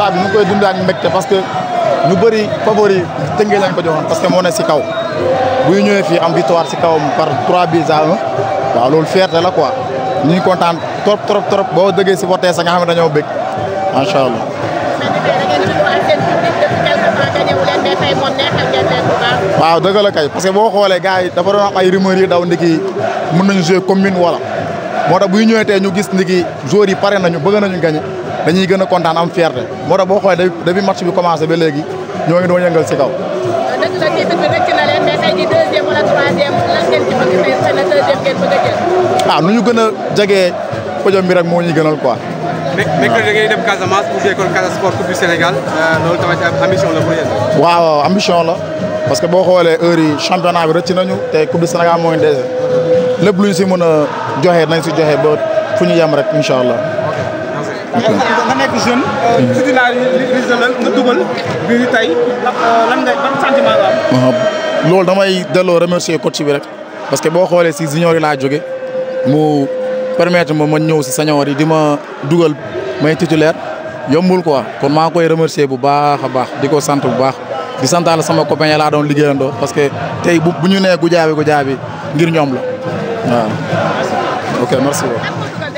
victoire bi ñu koy dund ak mbégte parce ñu bëri favori tëngee lañ ko joxoon parce que moo ne si kaw buy ñëwee fii am victoire si kawam par 3 buts à 1 waaw loolu fierté la quoi ñu ngi kontaan trop boo dëggee si voté sa nga xam macha allah. waaw dëgg la kay parce que boo xoolee gars yi dafa doon am ay rumeurs yi daw ndiki mën nañu jouer commune wala moo tax buy ñëwee tee ñu gis ndiki joueurs yi pare nañu bëgg nañu gagné. dañuy gën a kontaan am fierté moo tax boo xoolee depuis match bi commencé ba léegi ñoo ngi doon yëngal si kaw. dëgg la titre bi rëcc na leen mais tey jii deuxième wala troisième lan ngeen a ah, nu ñu gën a jege podium bi rek moo ñuy gënal quoi. mais Sénégal euh, loolu la waaw ambition la parce que boo xoolee heure yi championnat bi rëcc nañu te Coupe du Sénégal moo ñu dese lépp lu si mën a joxe nañ si joxe ba fu ñu yem rek incha allah. d'accord nga nekk loolu damay delloo remercier coach bi rek parce que boo xoolee si junior yi laa jóge mu permettre ma ma ñëw si senior di ma dugal may titulaire yombul quoi kon maa ngi koy remercier bu baax a baax di ko sant bu baax. di santaal sama copain laa doon liggéeyandoo parce que tey bu bu ñu nee Goudiaby Goudiaby ngir ñoom la waaw. ok merci beaucoup.